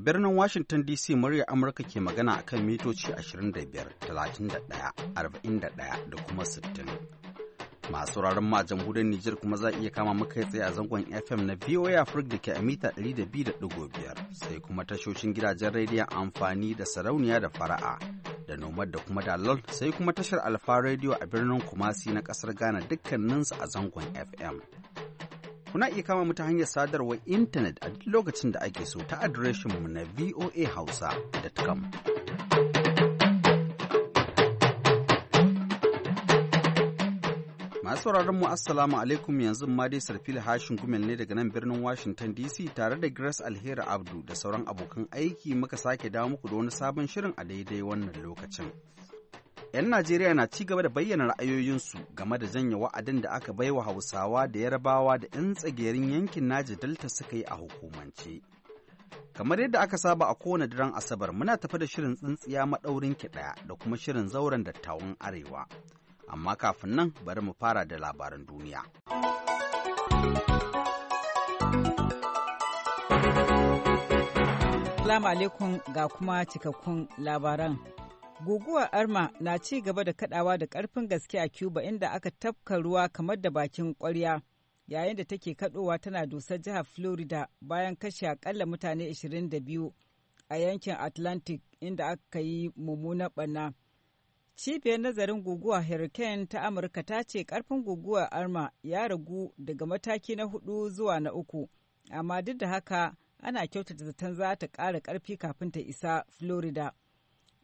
Daga birnin Washington DC murya Amurka ke magana a kan mitoci 25, 31, 41 da kuma 60. Masu wuraren ma a jamhuriyar Nijar kuma za iya kama muka tsaye a zangon FM na VOA Africa da ke a mita 200.5 sai kuma tashoshin gidajen rediyon amfani da sarauniya da fara'a da nomad da kuma dalol sai kuma tashar Alfa rediyo a birnin Kumasi na kasar Ghana dukkaninsu a zangon FM. Kuna iya kama mu ta hanyar sadarwar intanet a duk lokacin da ake so ta adireshin mu na voahausa.com. Masu sauraron mu assalamu alaikum yanzu ma dai sarfil hashin gumel ne daga nan birnin Washington DC tare da Grace Alheri Abdu da sauran abokan aiki muka sake dawo muku da wani sabon shirin a daidai wannan lokacin. 'Yan Najeriya na ci gaba da bayyana ra'ayoyinsu game da janye wa'adin da aka baiwa Hausawa da yarbawa da 'yan tsagerin yankin Naji Delta suka yi a hukumance. Kamar yadda aka saba a kowane daren Asabar muna tafi da shirin tsintsiya maɗaurin ki ɗaya da kuma shirin zauren dattawan Arewa. Amma kafin nan bari mu fara da labaran duniya. Assalamu alaikum ga kuma cikakkun labaran. Guguwar Arma na ci gaba da kadawa da karfin gaske a Cuba inda aka tafka ruwa kamar da bakin kwarya yayin da take kadowa tana dusar jihar Florida bayan kashe akalla mutane 22 a yankin Atlantic inda aka yi mummunan barna. Cibiyar nazarin guguwa Hurricane ta Amurka ta ce karfin guguwar Arma ya ragu daga mataki na hudu zuwa na uku, amma duk da haka ana kyautata zaton za ta ƙara ƙarfi kafin ta isa Florida.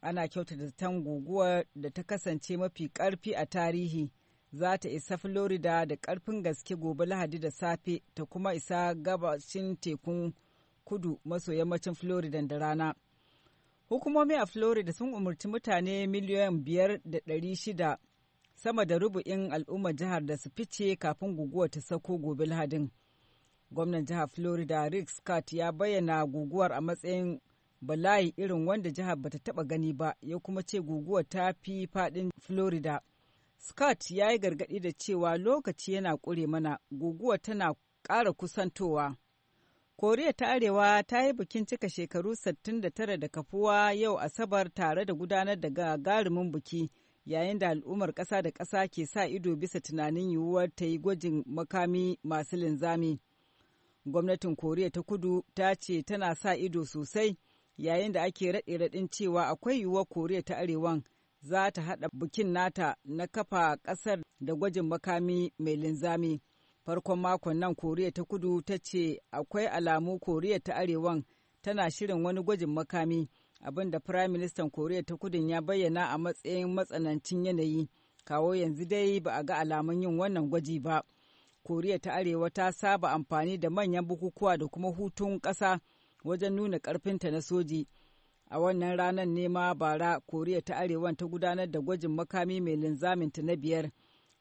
ana kyautata zaton guguwar da ta kasance mafi karfi a tarihi za ta isa florida da karfin gaske gobe lahadi da safe ta kuma isa gabashin tekun kudu maso yammacin florida da rana hukumomi a florida sun umarci mutane miliyan biyar da ɗari shida sama da rubu'in al'ummar jihar da su fice kafin guguwar ta sako gobe lahadin gwamnan jihar florida rick scott ya bayyana guguwar a matsayin bala'i irin wanda jihar bata taba gani ba ya kuma ce guguwa ta fi fadin florida scott ya yi gargadi da cewa lokaci yana kure mana guguwa tana ƙara kusantowa koriya ta arewa ta yi bikin cika shekaru 69 da kafuwa yau asabar tare da gudanar da gagarumin biki yayin da al'ummar ƙasa da ƙasa ke sa ido bisa tunanin yiwuwar ta yi gwajin makami masu linzami gwamnatin koriya ta kudu ta ce tana sa ido sosai yayin da ake raɗe raɗin cewa akwai yiwuwar koriya ta arewan za ta haɗa bikin nata na kafa ƙasar da gwajin makami mai linzami farkon makon nan koriya ta kudu ta ce akwai alamu koriya ta arewan tana shirin wani gwajin makami abin da firayim ministan koriya ta kudun ya bayyana a matsayin matsanancin yanayi kawo yanzu dai ba a ga alamun yin wannan gwaji ba koriya ta arewa ta saba amfani da manyan bukukuwa da kuma hutun ƙasa wajen nuna karfinta na soji a wannan ranar nema bara koriya ta arewa ta gudanar da gwajin makami mai linzaminta na biyar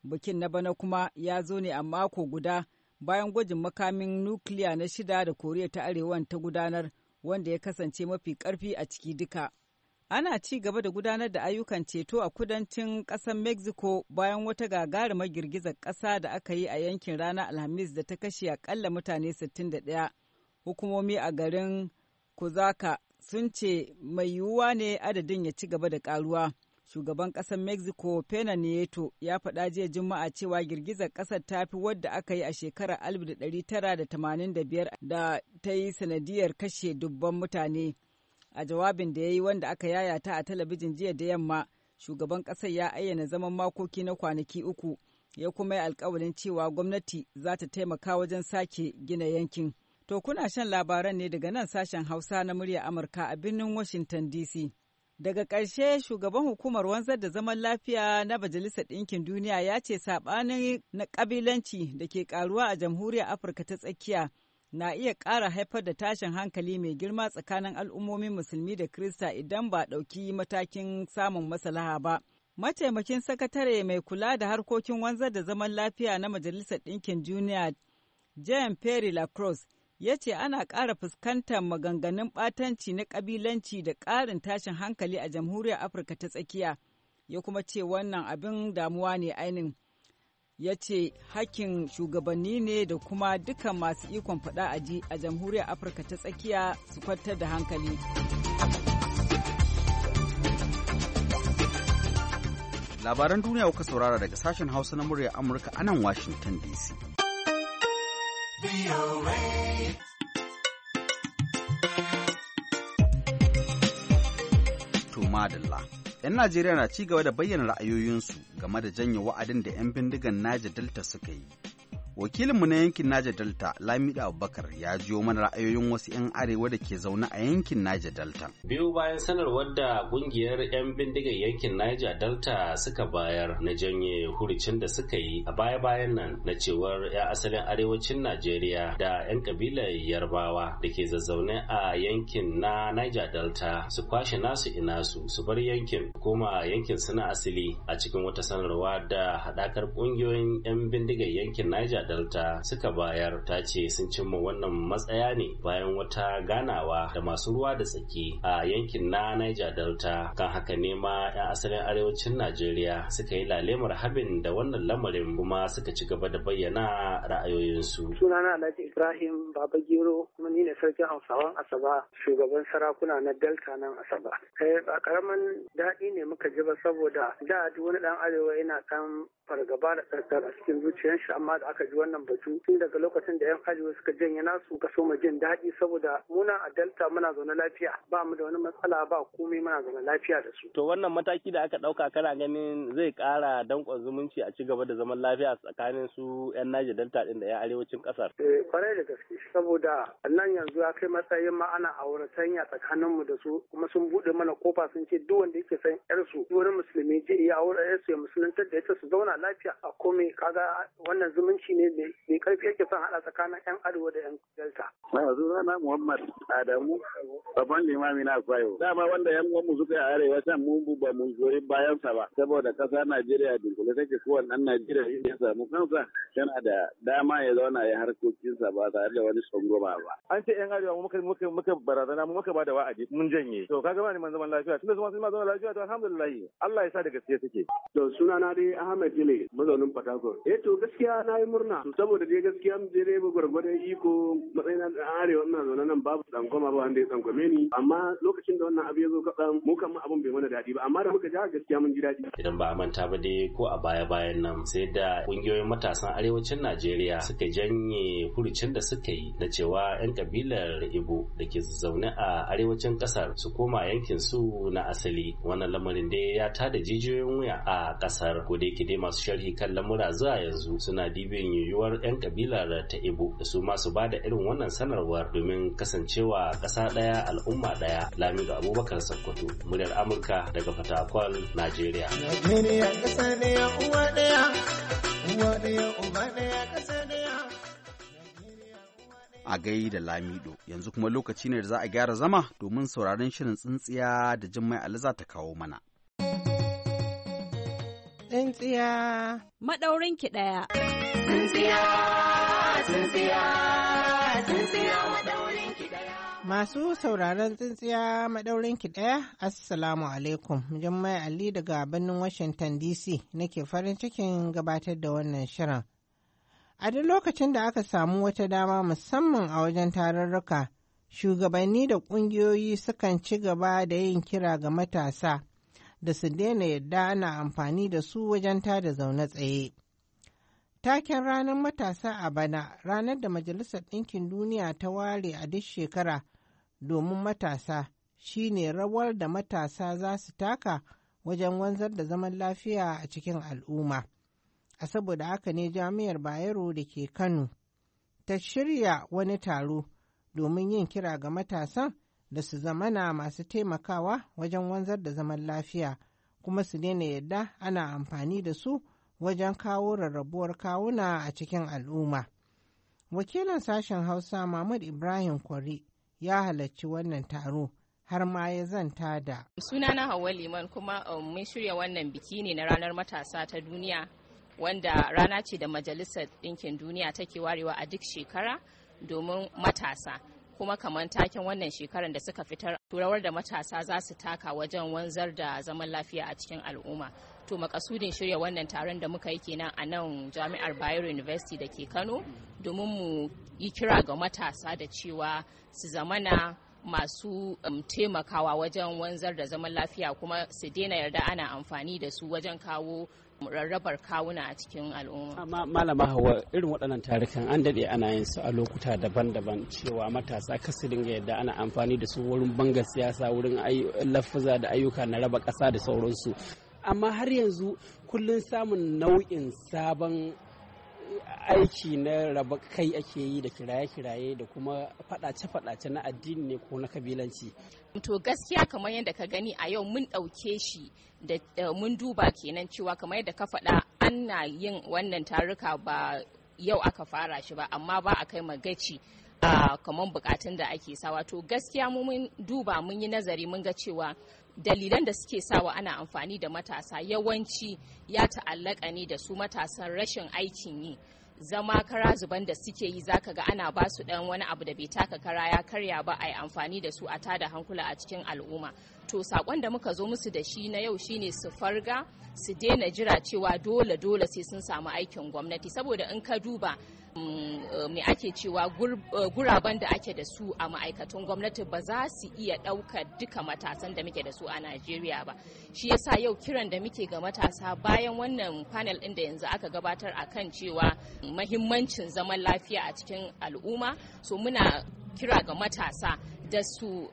bikin na bana kuma ya zo ne a mako guda bayan gwajin makamin nukiliya na shida da koriya ta arewa ta gudanar wanda ya kasance mafi ƙarfi a ciki duka ana ci gaba da gudanar da ayyukan ceto a kudancin ƙasar mexico bayan wata gagarumar girgizar ƙasa da aka yi a yankin ranar alhamis da ta kashe akalla mutane 61 hukumomi a garin Kuzaka sun ce mai yiwuwa ne adadin ya ci gaba da karuwa. Shugaban ƙasar Mexico Pena Nieto ya faɗa jiya Juma'a cewa girgizar ƙasar ta fi wadda aka yi a shekarar 1985 da ta yi sanadiyar kashe dubban mutane. A jawabin da ya yi wanda aka yayata a talabijin jiya da yamma, shugaban ƙasar ya ayyana zaman makoki na kwanaki uku, ya kuma yi alkawalin cewa gwamnati za ta taimaka wajen sake gina yankin. To kuna shan labaran ne daga nan sashen Hausa na murya Amurka a birnin Washington DC. Daga ƙarshe shugaban hukumar wanzar da zaman lafiya na Majalisar Ɗinkin Duniya ya ce saɓanin na ƙabilanci da ke ƙaruwa a jamhuriyar Afirka ta tsakiya na iya ƙara haifar da tashin hankali mai girma tsakanin al'ummomin musulmi da Kirista idan ba ɗauki matakin samun maslaha ba. Mataimakin sakatare mai kula da harkokin wanzar da zaman lafiya na Majalisar Ɗinkin Duniya, Jean Perry Lacrosse, ya ce ana ƙara fuskantar maganganun ɓatanci na ƙabilanci da ƙarin tashin hankali a jamhuriyar afirka ta tsakiya ya kuma ce wannan abin damuwa ne ainin ya ce hakkin shugabanni ne da kuma dukan masu ikon faɗa aji a jamhuriyar afirka ta tsakiya su kwantar da hankali labaran duniya kuka saurara daga sashen hausa na muryar amurka anan nan washington dc Madalla. 'Yan Najeriya na ci gaba da bayyana ra'ayoyinsu game da janye wa'adin da 'yan bindigan Naja Delta suka yi wakilinmu na yankin Niger Delta Lamido Abubakar ya jiyo mana ra'ayoyin wasu 'yan arewa da ke zaune a yankin Naja Delta. Biyu bayan sanarwar da kungiyar 'yan bindigar yankin niger Delta suka bayar na janye huricin da suka yi a baya-bayan nan na cewar 'ya asalin arewacin Najeriya da 'yan kabilar Yarbawa da ke zazzaune a yankin na Niger Delta su kwashe nasu ina su su bar yankin kuma yankin suna asili a cikin wata sanarwa da haɗakar ƙungiyoyin 'yan bindigar yankin Niger delta suka bayar ta ce sun cimma wannan matsaya ne bayan wata ganawa da masu ruwa da tsaki a yankin na niger delta kan haka ne ma 'yan asalin arewacin najeriya suka yi lalemar habin da wannan lamarin kuma suka ci gaba da bayyana ra'ayoyinsu sunana alhaji ibrahim baba gero kuma ni ne sarkin hausawan asaba shugaban sarakuna na delta nan asaba eh, a karamin daɗi ne muka ji ba saboda da wani ɗan arewa yana kan fargaba da tsarkar a cikin zuciyar amma da aka ji wannan batu tun daga lokacin da yan arewa suka janye nasu ka so mu jin daɗi saboda muna a delta muna zaune lafiya ba mu da wani matsala ba komai muna zaune lafiya da su. To wannan mataki da aka ɗauka kana ganin zai ƙara danƙon zumunci a ci gaba da zaman lafiya tsakanin su yan naji Delta ɗin da yan arewacin ƙasar. Eh kwarai da gaske saboda nan yanzu ya kai matsayin ma ana auratanya tsakanin mu da su kuma sun buɗe mana kofa sun ce duk wanda yake san yar su wani musulmi je ya aure su ya musulunta da ita su zauna lafiya a komai kaga wannan zumunci ne ne mai karfi yake son hada tsakanin 'yan arewa da 'yan delta. Na yanzu rana Muhammad Adamu babban limami na Akwayo. Dama wanda 'yan uwanmu suka yi arewa can mun buba mun goyi bayansa ba saboda kasa Najeriya ta take kowane ɗan Najeriya ya samu kansa yana da dama ya zauna ya harkokinsa ba tare da wani tsangoma ba. An ce 'yan arewa muka muka muka barazana mu muka bada wa'adi mun janye. To kaga ba ni man zaman lafiya tunda zama sun ma zaman lafiya to alhamdulillah Allah ya sa da gaske suke. To sunana dai Ahmed Jile mazaunin Port Harcourt. Eh to gaskiya na yi murna suna saboda dai gaskiya mu dai ba gwargwadon iko matsayin na arewa ina zaune nan babu tsangwama ba wanda ya tsangwame ni amma lokacin da wannan abu ya zo kaɗan mu kan abun bai mana dadi ba amma da muka ja gaskiya mun ji daɗi. Idan ba a manta ba dai ko a baya bayan nan sai da kungiyoyin matasan arewacin Najeriya suka janye furucin da suka yi na cewa 'yan kabilar Ibo da ke zaune a arewacin kasar su koma yankin su na asali wannan lamarin dai ya tada jijiyoyin wuya a kasar ko da yake dai masu sharhi kan lamura zuwa yanzu suna dibin yiwuwar 'yan kabilar ta ibu da su masu ba da irin wannan sanarwar domin kasancewa ƙasa ɗaya al'umma ɗaya lamido abubakar sakkwato muryar amurka daga fatakwal najeriya a gai da lamido yanzu kuma lokaci ne da za a gyara zama domin sauraron shirin tsintsiya da jimmai aliza ta kawo mana. Tsintsiya. Maɗaurin ki ɗaya. Tsintsiya, tsintsiya, tsintsiya maɗaurin ki ɗaya. Masu sauraron tsintsiya maɗaurin ki ɗaya, Assalamu alaikum. Jummai Ali daga birnin Washington DC nake farin cikin gabatar da wannan shirin. A duk lokacin da aka samu wata dama musamman a wajen tarurruka, shugabanni da ƙungiyoyi sukan ci gaba da yin kira ga matasa. da su daina yadda ana amfani da su wajen tada zaune tsaye. Taken ranar matasa a bana ranar da Majalisar Ɗinkin Duniya ta ware a duk shekara domin matasa shi ne rawar da matasa za su taka wajen wanzar da zaman lafiya a cikin al'umma. A saboda haka ne jami'ar Bayero da ke Kano ta shirya wani taro domin yin kira ga matasan da su zamana masu taimakawa wajen wanzar da zaman lafiya kuma su daina yadda ana amfani da su wajen kawo rarrabuwar kawuna a cikin al'umma. Wakilin sashen Hausa Mahmud Ibrahim Kwari ya halarci wannan taro. har ma ya zanta da. Sunana Hauwa Liman kuma um, mun shirya wannan biki ne na ranar matasa ta duniya wanda rana ce da Majalisar Ɗinkin Duniya take warewa a duk shekara domin matasa. kuma kamar taken wannan shekarar da suka fitar turawar da matasa za su taka wajen wanzar da zaman lafiya a cikin al'umma to makasudin shirya wannan taron da muka yi kenan a nan jami'ar bayero university da ke kano domin mu yi kira ga matasa da cewa su zamana masu um, taimakawa wajen wanzar da zaman lafiya kuma su daina yarda ana amfani da su wajen kawo rarrabar kawuna a cikin al'umma. Amma malama hawa irin waɗannan tarikan an daɗe ana yin su a lokuta daban-daban cewa matasa kasu dinga yadda ana amfani da su wurin banga siyasa wurin lafaza da ayyuka na raba ƙasa da sauransu. Amma har yanzu kullum samun nau'in sabon aiki na raba kai ake yi da kiraye-kiraye da kuma faɗace-faɗace na addini ne ko na kabilanci. To gaskiya kamar yadda ka gani a yau mun ɗauke shi da eh, mun duba kenan cewa kamar yadda ka faɗa ana yin wannan taruka ba yau aka fara shi ba amma ba a kai magaci ah, kamar bukatun da ake sawa to gaskiya mun duba mun yi nazari mun ga cewa dalilan da suke sawa ana amfani da matasa yawanci ya ta'allaka ne da su matasan rashin aikin yi zama kara zuban da suke yi zaka ga ana ba su dan wani abu da bai taka kara ya karya ba a yi amfani da su a tada hankula a cikin al'umma to sakon da muka zo musu da shi na yau shine su farga su daina jira cewa dole dole sai sun samu aikin gwamnati saboda in ka duba mm, eh, me ake cewa eh, guraben da ake da su a ma'aikatan gwamnati ba za su iya ɗauka duka matasan da muke da su a najeriya ba shi yasa yau kiran da muke ga matasa bayan wannan panel ɗin da yanzu aka gabatar a kan cewa mahimmancin zaman lafiya a cikin al'umma so muna kira ga matasa da su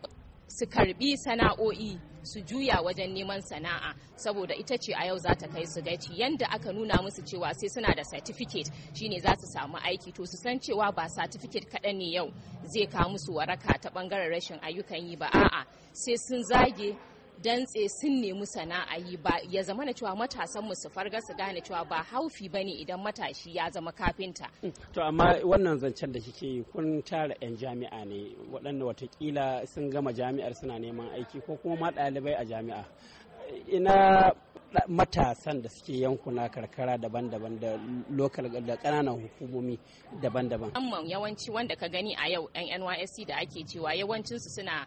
su karbi sana'o'i su juya wajen neman sana'a saboda ita ce a yau za ta kai su gaci yanda aka nuna musu cewa sai suna da certificate shine za su samu aiki to su san cewa ba satifiket kaɗan ne yau zai kawo musu waraka ta ɓangaren rashin ayyukan yi ba a'a sai sun zage dantse sun nemi sana'a yi ba ya zama na cewa matasan mu su farga su gane cewa ba haufi ba ne idan matashi ya zama kafinta mm, to amma wannan zancen da kike kun tara yan jami'a ne waɗanda watakila sun gama jami'ar suna neman aiki ko kuma ma ɗalibai a jami'a ina matasan da suke yankuna karkara daban-daban da lokal da kananan hukumomi daban-daban. Amman yawanci wanda ka gani a yau 'yan NYSC da ake cewa yawancinsu suna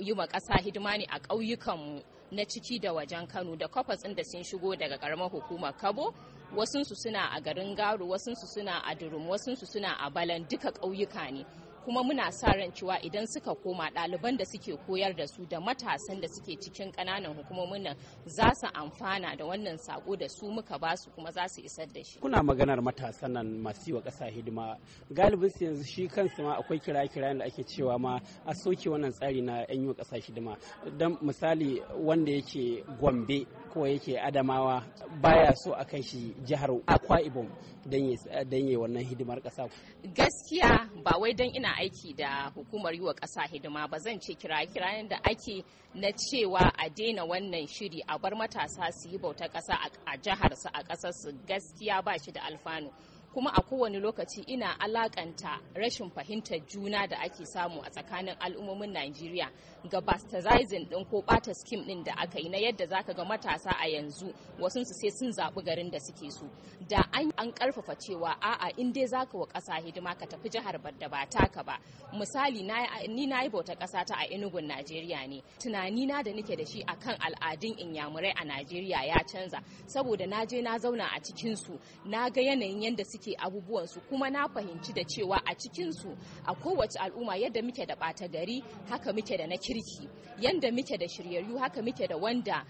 yi ma ƙasa hidima ne a ƙauyukanmu na ciki da wajen Kano da kwafas ɗin da sun shigo daga ƙaramar hukumar Kabo wasunsu suna a garin Garo wasunsu suna a Durum wasunsu suna a Balan duka ƙauyuka ne. kuma muna sa ran cewa idan suka koma ɗaliban da suke koyar da su da matasan da suke cikin ƙananan hukumomin nan za su amfana da wannan sako da su muka ba su kuma za su isar da shi kuna maganar matasan nan masu yi wa ƙasa hidima galibin su yanzu shi kansu ma akwai kira-kirayen da ake cewa ma a soke wannan tsari na 'yan yi wa ƙasa hidima don misali wanda yake gombe kuwa yake adamawa baya so a kai shi jihar akwa ibom don yi wannan hidimar ƙasa gaskiya ba wai don ina aiki da hukumar yi wa ƙasa hidima ba zan ce kira kira da ake na cewa a daina wannan shiri a bar matasa su yi bauta ƙasa a jiharsu a ƙasarsu gaskiya ba shi da alfanu kuma a kowane lokaci ina alakanta rashin fahimtar juna da ake samu a tsakanin al'ummomin Najeriya ga bastazizing din ko bata skim din da aka yi na yadda zaka ga matasa a yanzu wasu su sai sun zaɓi garin da suke so da an an karfafa cewa a'a in dai zaka wa ƙasa hidima ka tafi jihar badda ba taka ba misali ni na yi bauta ƙasa ta a Enugun Najeriya ne tunani na da nake da shi akan al'adun inyamurai a Najeriya ya canza saboda na je na zauna a cikin su na ga yanayin yadda suke suke abubuwansu kuma na fahimci da cewa a cikinsu a kowace al'umma yadda muke da ɓata gari haka muke da na kirki yadda muke da shiryayyu haka muke da wanda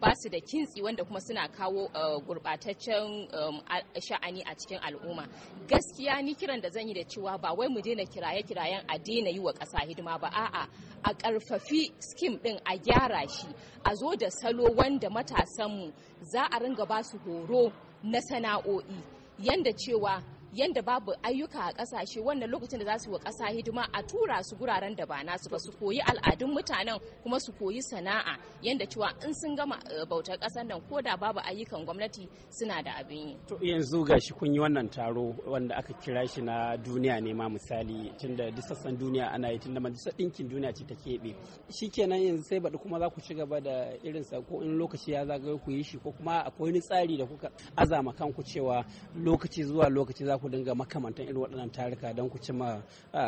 ba su da kintsi wanda kuma suna kawo eh, gurbataccen um, sha'ani a cikin al'umma gaskiya ni kiran da zan yi da cewa ba wai mu daina kiraye-kirayen a daina yi wa ƙasa hidima ba a'a a ƙarfafi skim ɗin a gyara shi a zo da salo wanda matasanmu za a ringa ba su horo na sana'o'i yanda cewa yanda babu ayyuka a kasashe wannan lokacin da za su wa kasa hidima a tura su guraren da ba nasu ba su koyi al'adun mutanen kuma su koyi sana'a yanda cewa in sun gama eh, bautar kasar nan ko da babu ayyukan gwamnati suna da abin yi. To yanzu ga shi kun yi wannan taro wanda aka kira shi na duniya ne ma misali tunda da sassan duniya ana yi tunda majalisar ɗinkin duniya ce ta keɓe. Shikenan yanzu sai baɗi kuma za ku ci gaba da irin sa ko in lokaci ya zagaye ku yi shi ko kuma akwai wani tsari da kuka azama kanku cewa lokaci zuwa lokaci za ku dinga makamantan irin waɗannan tarika don ku cima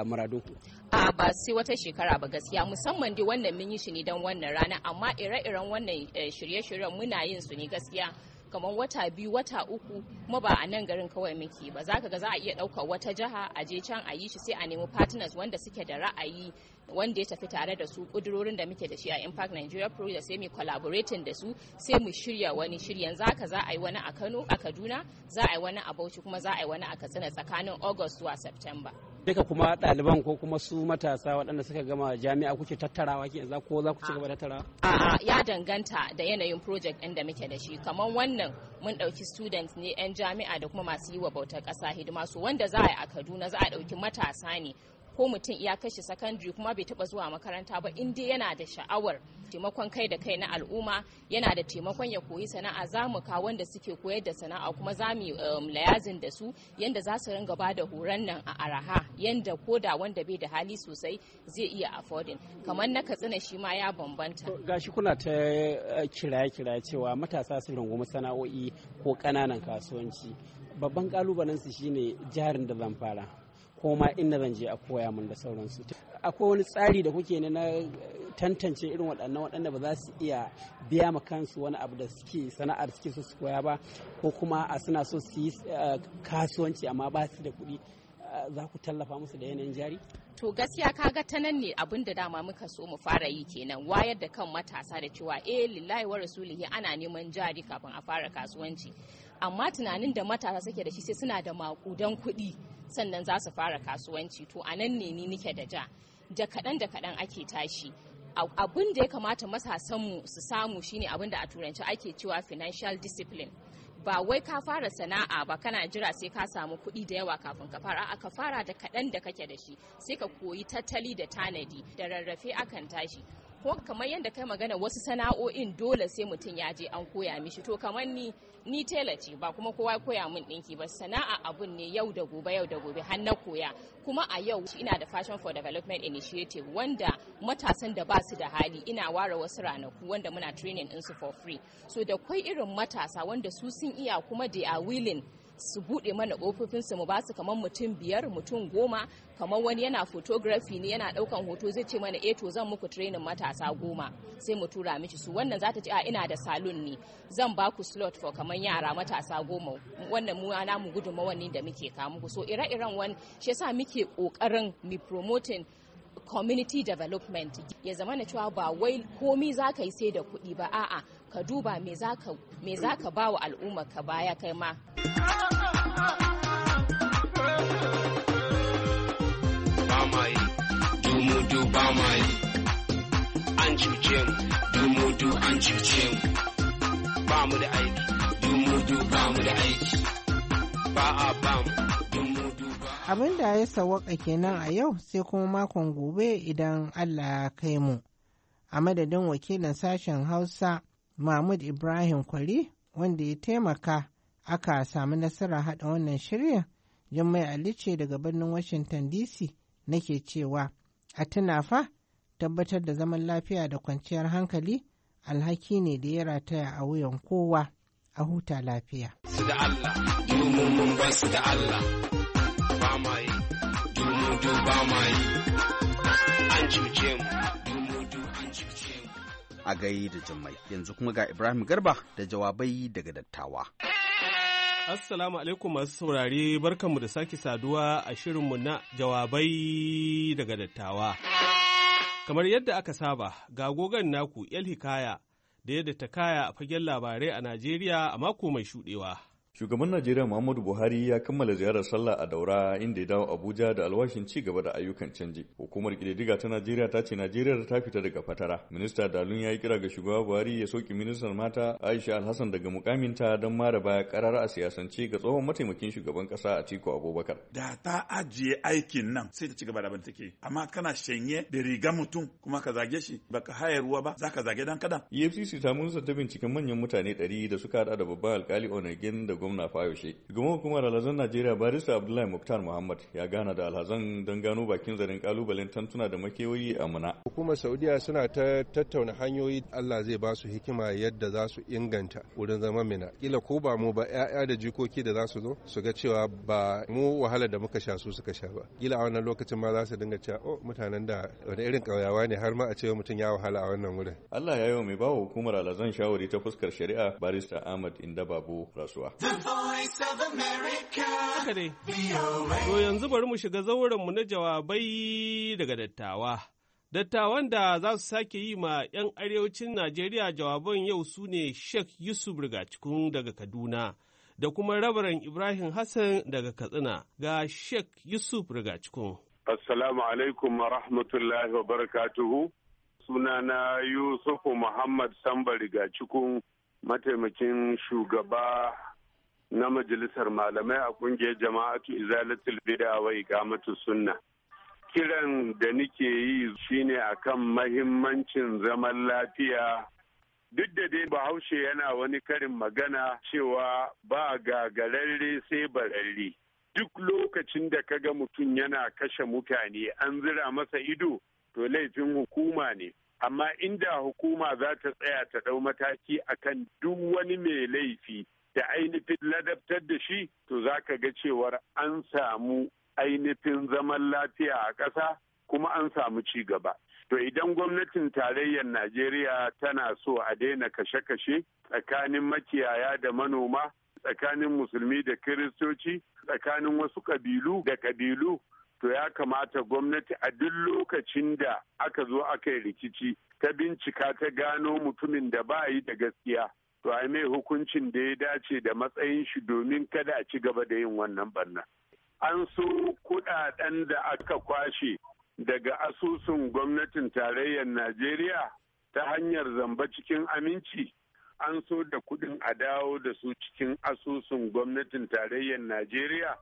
muradunku? A ba sai wata shekara ba gaskiya musamman dai wannan mun yi shi ne don wannan rana amma ire-iren wannan eh, shirye-shiryen muna yin su ne gaskiya kamar wata biyu wata uku kuma ba a nan garin kawai muke ba za ka ga za a iya ɗaukar wata jiha a je can a yi shi sai a nemi partners wanda suke da ra'ayi wanda ya tafi tare da su kudurorin da muke da shi a impact nigeria project sai mu collaborating da su sai mu shirya wani shiryan ka za a yi wani a kano a kaduna za a yi wani a bauchi kuma za a yi wani a katsina tsakanin august zuwa september duka kuma ɗaliban ko kuma su matasa waɗanda suka gama jami'a kuke tattarawa ke yanzu ko za ku ci gaba da tattarawa? A'a ya danganta da yanayin project ɗin da muke da shi kamar wannan mun ɗauki student ne 'yan jami'a da kuma masu yi wa bautar ƙasa hidima su wanda za a yi a Kaduna za a ɗauki matasa ne ko mutum ya kashe secondary kuma bai taba zuwa makaranta ba in dai yana da sha'awar taimakon kai da kai na al'umma yana da taimakon ya koyi sana'a za mu kawo wanda suke koyar da sana'a kuma za mu um, layazin da su yanda za su ringa ba da horon nan a araha yanda ko da wanda bai da hali sosai zai iya affording kamar na katsina shi ma ya bambanta gashi kuna ta eh, kiraye kiraye cewa matasa su rungumi sana'o'i ko ƙananan kasuwanci babban kalubalen su shine jarin da zan fara koma inda zan je a koya min da sauransu akwai wani tsari da kuke na tantance irin waɗannan waɗanda ba za su iya biya ma kansu wani abu da suke sana'ar suke so su koya ba ko kuma a suna so su yi eh, kasuwanci amma ba su da kuɗi eh, za ku tallafa musu da yanayin jari to gaskiya kaga ta nan ne abin da dama muka so mu fara yi kenan wayar da kan matasa da cewa eh lillahi wa rasulihi ana neman jari kafin a fara kasuwanci amma tunanin da matasa suke da shi sai suna da makudan kuɗi sannan za su fara kasuwanci to a nan ne ni nike da ja da kaɗan da kaɗan ake tashi abin da ya kamata matasanmu su samu shine abin da a turanci ake cewa financial discipline ba wai ka fara sana'a ba kana jira sai ka samu kuɗi da yawa kafin ka fara aka fara da kaɗan da kake da shi sai ka koyi tattali da tanadi da rarrafe akan tashi ko kamar yadda kai magana wasu sana'o'in dole sai mutum ya je an koya mishi to kamar ni ni tela ce ba kuma kowa koya min dinki ba sana'a abun ne yau da gobe yau da gobe har na koya kuma a yau ina da fashion for development initiative wanda matasan da ba su da hali ina ware wasu ranaku wanda muna training ɗinsu for free so da kwai irin matasa wanda su sun iya kuma they are willing su buɗe mana kofofinsu mu ba su kamar mutum biyar mutum goma kamar wani yana fotografi ne yana ɗaukan hoto zai ce mana eto eh, zan muku training matasa goma sai mu tura miki su wannan za ta ce a ah, ina da salon ne zan ba ku slot for kamar yara matasa goma wannan mu ana mu gudunmawa ne da muke kawo muku so ire-iren wani shi yasa muke ƙoƙarin mu promoting community development ya zama na cewa ba wai komi za ka yi sai da kuɗi ba a'a ka duba me za ka ba wa al'umma ka baya kai ma. dumudu ba ma yi an cuce mu dumudu an cuce mu ba mu da aiki dumudu ba mu da aiki ba a ba mu Abin da ya sawaka kenan a yau sai kuma makon gobe idan Allah ya kai mu. A madadin wakilin sashen Hausa Mahmud Ibrahim Kwari wanda ya taimaka aka samu nasara haɗa wannan shirya, Jummai Ali ce daga birnin Washington DC nake cewa a tuna fa tabbatar da zaman lafiya da kwanciyar hankali alhaki ne da ya rataya a wuyan kowa a huta lafiya. Su da Allah, mun ba su da Allah. a gai da jimmai yanzu kuma ga ibrahim garba da jawabai daga dattawa Assalamu alaikum masu saurare barkanmu da sake saduwa a shirinmu na jawabai daga dattawa. Kamar yadda aka saba, ga gogon naku 'yar Hikaya da yadda ta kaya a fagen labarai a Najeriya a mako mai shuɗewa. Shugaban Najeriya Muhammadu Buhari ya kammala ziyarar sallah a Daura inda ya dawo Abuja da alwashin ci gaba da ayyukan canji. Hukumar kididdiga ta Najeriya ta ce Najeriya ta fita daga fatara. Minista Dalun ya yi kira ga shugaba Buhari ya soki ministan mata Aisha Alhassan daga mukaminta don mara baya karara a siyasance ga tsohon mataimakin shugaban ƙasa a Atiku Abubakar. Da ta ajiye aikin nan sai ta ci gaba da ban take. Amma kana shanye da riga mutum kuma ka zage shi baka hayarwa ba zaka zage dan kada. EFCC ta munsa ta binciken manyan mutane 100 da suka hada da babban alkali Onegin da gwamna Fayoshe. gama hukumar alhazan Najeriya barista Abdullahi Muktar Muhammad ya gana da alhazan don gano bakin zarin kalubalen tantuna da makewayi a Muna. Hukumar Saudiya suna ta tattauna hanyoyi Allah zai ba su hikima yadda za su inganta wurin zama Mina. Kila ko ba mu ba 'ya'ya da jikoki da za su zo su ga cewa ba mu wahalar da muka sha su suka sha ba. Kila a wannan lokacin ma za su dinga cewa oh mutanen da wani irin kauyawa ne har ma a ce mutum ya wahala a wannan wurin. Allah ya yi wa mai bawa hukumar alhazan shawari ta fuskar shari'a barista Ahmad Inda Babu rasuwa. to yanzu bari mu shiga mu na jawabai daga dattawa. Dattawan da za su sake yi ma 'yan arewacin Najeriya jawaban yau su ne Sheikh Yusuf Rigacikun daga Kaduna da kuma rabaran Ibrahim Hassan daga Katsina ga Sheikh Yusuf Rigacikun. Assalamu alaikum wa rahmatullahi wa barakatuhu. Sunana Yusuf Muhammad Samba Rigacikun mataimakin shugaba na majalisar malamai a kungiyar jama'atu izalatul bid'a wa iqamatu sunna kiran da nike yi shine akan mahimmancin zaman lafiya duk da dai bahaushe yana wani karin magana cewa ba gagararre sai bararre duk lokacin da kaga mutum yana kashe mutane an zira masa ido to laifin hukuma ne amma inda hukuma za ta tsaya ta dau mataki akan duk wani mai laifi da ainihin ladabtar da shi to za ka ga cewar an samu ainihin zaman lafiya a ƙasa kuma an samu ci gaba. To idan gwamnatin tarayyar Najeriya tana so a daina kashe-kashe tsakanin makiyaya da manoma, tsakanin musulmi da kiristoci, tsakanin wasu ƙabilu da ƙabilu, to ya kamata gwamnati a duk lokacin da aka zo aka yi rikici ta bincika ta gano mutumin da ba yi da gaskiya. to a mai hukuncin da ya dace da matsayin shi domin kada a ci gaba da yin wannan barna. An so kudaden da aka kwashe daga asusun gwamnatin tarayyar Najeriya ta hanyar zamba cikin aminci, an so da kudin a dawo da su cikin asusun gwamnatin tarayyar Najeriya,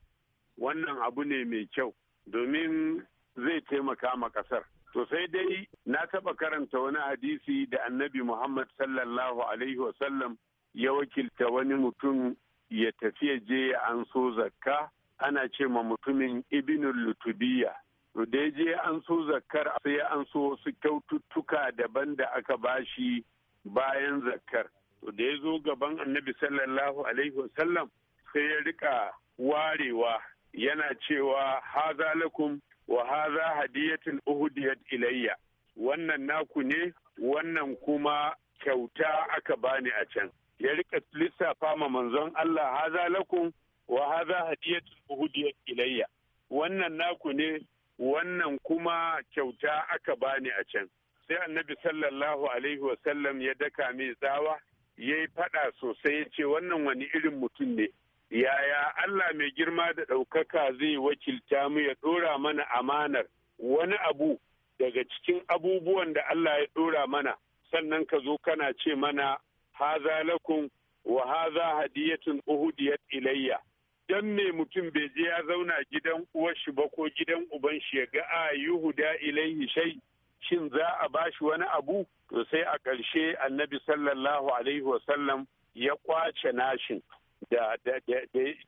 wannan abu ne mai kyau domin zai taimaka ma ƙasar. Sosai dai na taɓa karanta wani hadisi da annabi Muhammad sallallahu Alaihi wasallam ya wakilta wani mutum ya tafi je ya an so zakka ana ce ma mutumin ibinul lutubiya. To da je an so zakkar sai ya an so wasu kyaututtuka daban da aka bashi bayan zakkar. To da ya zo gaban annabi sallallahu Alaihi wasallam sai ya riƙa warewa yana cewa haza lakum wa haza hadiyatun uhudiyat ilayya wannan naku ne wannan kuma kyauta aka bani a can ya rika lissafa ma manzon Allah haza lakum wa haza hadiyatun uhudiyat ilayya wannan naku ne wannan kuma kyauta aka bani a can sai annabi sallallahu alaihi wa sallam ya daka mai tsawa yayi fada faɗa sosai ya ce wannan wani irin mutum ne yaya Allah mai girma da ɗaukaka zai wakilta mu ya ɗora mana amanar wani abu daga cikin abubuwan da Allah ya ɗora mana sannan ka zo kana ce mana haza lakum wa haza hadiyatun uhudiyat ilayya dan me mutum bai je ya zauna gidan uwar ba ko gidan uban shi ya ga a ilayhi shay shin za a ba shi wani abu to sai a ƙarshe annabi sallallahu alaihi wa sallam ya kwace nashin da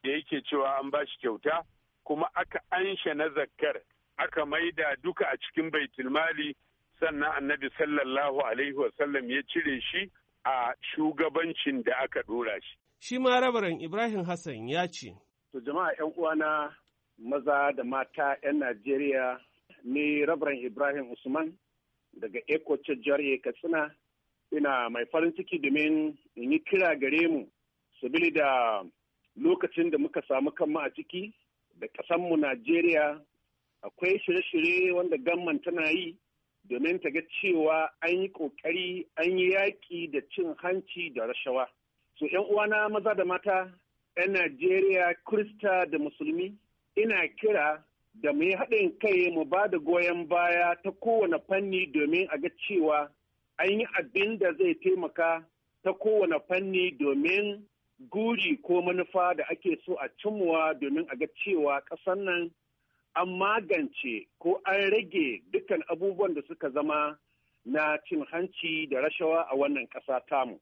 yake cewa an ba shi kyauta kuma aka ansha na zakkar aka maida duka a cikin baitulmali sannan annabi sallallahu alaihi wasallam ya cire shi a shugabancin da aka dora shi. Shi ma rabaran Ibrahim Hassan ya ce. To jama'a 'yan uwana maza da mata 'yan Najeriya ni rabaran Ibrahim Usman daga Eko Jarye Katsina ina mai farin ciki domin in yi kira gare mu sabili da lokacin da muka samu kanmu a ciki da ƙasanmu Najeriya akwai shirye-shirye wanda gamman tana yi domin ta ga cewa an yi ƙoƙari an yi yaƙi da cin hanci da rashawa. So ‘yan uwana maza da mata, ‘yan Najeriya, kirista da Musulmi, ina kira da mu yi haɗin kai mu ba da goyon baya ta kowane fanni domin a ga cewa an yi abin da zai taimaka ta kowane fanni domin guri ko manufa da ake so a cimuwa domin a ga cewa ƙasar nan an magance ko an rage dukkan abubuwan da suka zama na cin hanci da rashawa a wannan ƙasa tamu.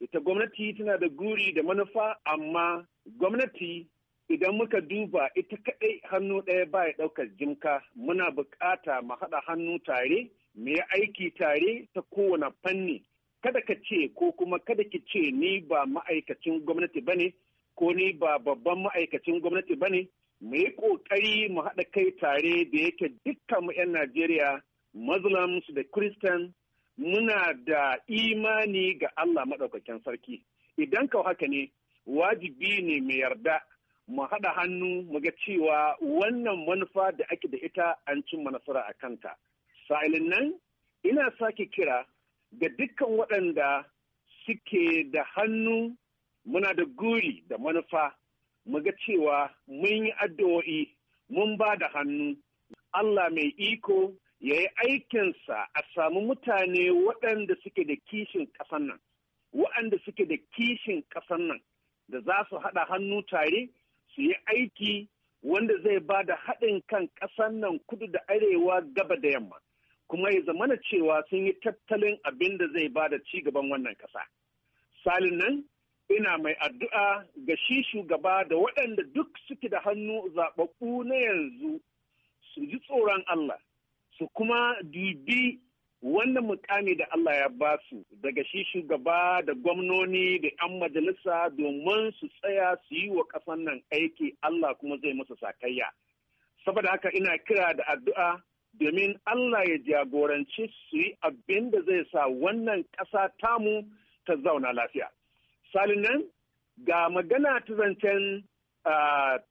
Ita gwamnati tana da guri da manufa amma gwamnati idan muka duba ita kaɗai hannu ɗaya ba ya ɗaukar jimka muna bukata mu haɗa hannu tare mu aiki tare ta kowane fanni kada ka ce ko kuma kada ki ce ni ba ma'aikacin gwamnati ba ne ko ni ba babban ma'aikacin gwamnati ne mu yi kokari mu haɗa kai tare da yake dukkan mu 'yan Najeriya Muslims da Christian muna da imani ga Allah maɗaukakin sarki idan ka haka ne wajibi ne mu yarda mu haɗa hannu mu ga cewa wannan manufa da ake da ita an cimma nasara a kanta. Sa'ilin nan ina sake kira ga dukkan waɗanda suke da hannu muna da guri da manufa muga cewa mun yi addu'o'i mun ba da hannu Allah mai iko ya yi aikinsa a samu mutane waɗanda suke da kishin ƙasan nan waɗanda suke da kishin ƙasan nan da za su haɗa hannu tare su yi aiki wanda zai ba da haɗin kan ƙasan nan kudu da arewa gaba da yamma kuma ya zamana cewa sun yi tattalin abin da zai ba da ci gaban wannan ƙasa. Salin nan ina mai addu'a ga shi shugaba da waɗanda duk suke da hannu zaɓaɓɓu na yanzu su ji tsoron Allah su kuma dubi wannan mukami da Allah ya ba su daga shi shugaba da gwamnoni da 'yan majalisa domin su tsaya su yi wa ƙasan nan aiki Allah kuma zai masa sakayya. Saboda haka ina kira da addu'a domin Allah ya jagoranci su yi abin da zai sa wannan ƙasa tamu ta zauna lafiya. Salinan ga magana ta zancen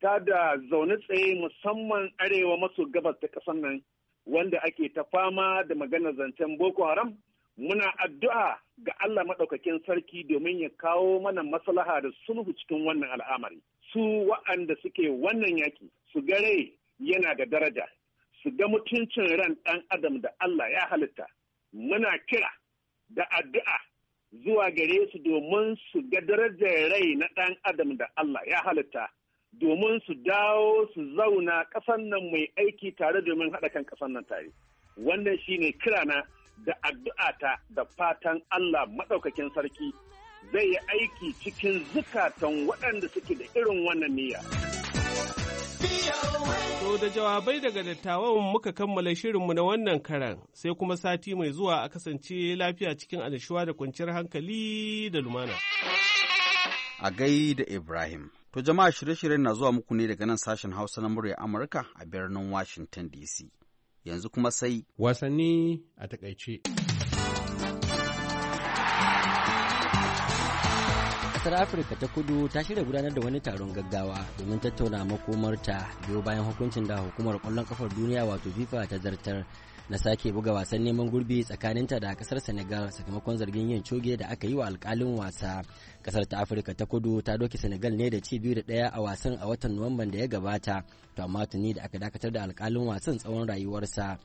ta da zaune tsaye musamman arewa maso gabas ta ƙasar nan wanda ake ta fama da magana zancen Boko Haram muna addu'a ga Allah maɗaukakin sarki domin ya kawo mana maslaha da sulhu cikin wannan al'amari. Su wa'anda suke wannan yaki su gare yana da daraja su ga mutuncin ran ɗan adam da Allah ya halitta muna kira da addu'a zuwa gare su domin su ga darajar rai na ɗan adam da Allah ya halitta domin su dawo su zauna ƙasan nan mai aiki tare domin haɗa kan ƙasan nan tare wannan shi shine kirana da addu'ata da fatan Allah maɗaukakin sarki zai yi aiki cikin zukatan waɗanda suke da irin wannan niyya. To da jawabai daga dattawan muka kammala shirinmu na wannan karan sai kuma sati mai zuwa a kasance lafiya cikin annashuwa da kwanciyar hankali da lumana. A gai da Ibrahim. To jama'a shirye-shiryen na zuwa muku ne daga nan sashen Hausa na murya Amurka a birnin Washington DC. Yanzu kuma sai wasanni a takaice. kasar afirka ta kudu ta shirya gudanar da wani taron gaggawa domin tattauna makomarta biyo bayan hukuncin da hukumar kwallon kafar duniya wato fifa ta zartar na sake buga wasan neman gurbi tsakaninta da kasar senegal sakamakon zargin yin coge da aka yi wa alkalin wasa kasar ta afirka ta kudu ta doke senegal ne da ci biyu da daya a wasan a watan nuwamban da ya gabata to amma tuni da aka dakatar da alkalin wasan tsawon rayuwarsa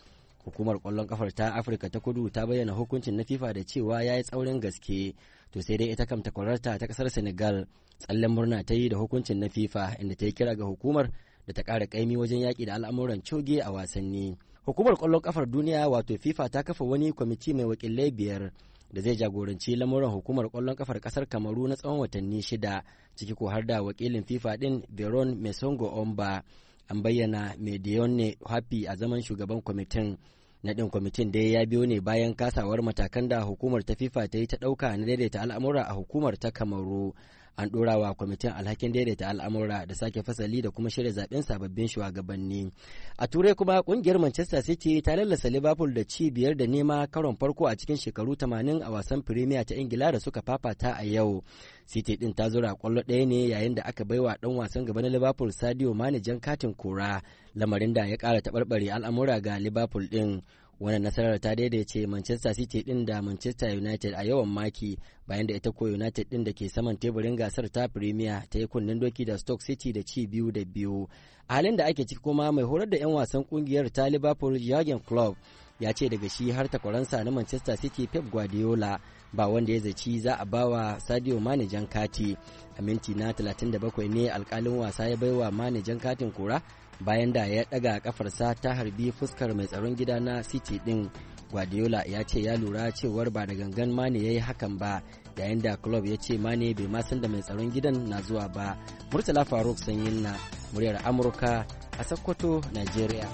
hukumar kwallon kafar ta afirka ta kudu ta bayyana hukuncin na fifa da cewa ya yi tsaurin gaske to sai dai ita kam takwararta ta kasar senegal tsallen murna ta yi da hukuncin na fifa inda ta yi kira ga hukumar da ta kara kaimi wajen yaki da al'amuran coge a wasanni hukumar kwallon kafar duniya wato fifa ta kafa wani kwamiti mai wakilai biyar da zai jagoranci lamuran hukumar kwallon kafar kasar kamaru na tsawon watanni shida ciki ko har da wakilin fifa din veron mesongo omba an bayyana medione hafi a zaman shugaban kwamitin naɗin kwamitin da ya biyo ne bayan kasawar matakan da hukumar ta fifa ta yi ta ɗauka na daidaita al'amura a hukumar ta kamaru an dorawa kwamitin alhakin daidaita al'amura da sake fasali da kuma shirya zaben sababbin shugabanni a turai kuma kungiyar manchester city ta lallasa liverpool da ci biyar da nema karon farko a cikin shekaru tamanin a wasan premier ta ingila da suka fafata a yau city din ta zura kwallo ɗaya ne yayin da aka baiwa ɗan wasan gaba na liverpool sadio manajan katin kora lamarin da ya ƙara taɓarɓare al'amura ga liverpool din. wannan nasarar ta daidaice manchester city din da manchester united a yawan maki bayan da ita ko united din da ke saman teburin gasar ta premier ta yi kunnen doki da stoke city da ci biyu da biyu a halin da ake ciki kuma mai horar da 'yan wasan kungiyar ta liverpool jurgen klopp ya ce daga shi har takwaransa na manchester city pep guardiola ba wanda ya zaci za a bawa sadio manajan kati a minti na 37 ne alkalin wasa ya baiwa mane manajan katin kura bayan da ya daga kafarsa ta harbi fuskar mai tsaron gida na city din guardiola ya ce ya lura cewar ba da gangan mane ya yi hakan ba yayin da club ya ce mane bai ma san da mai tsaron gidan na zuwa ba murtala faruk sanyin na muryar amurka a sokoto nigeria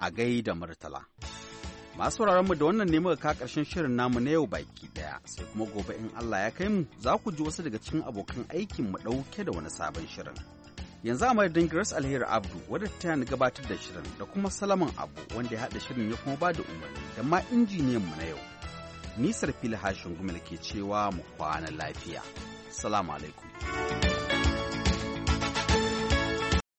a gai da Murtala. Masu mu da wannan ne muka ka ƙarshen shirin namu na yau baki ɗaya sai kuma gobe in Allah ya kai mu za ku ji wasu daga cikin abokan aikin mu ɗauke da wani sabon shirin. Yanzu a madadin Grace Alheri Abdu wadda ta ni gabatar da shirin da kuma Salaman Abu wanda ya haɗa shirin ya kuma ba da umarni da ma injiniyan mu na yau. Nisar fili hashin da ke cewa mu kwana lafiya. Salamu alaikum.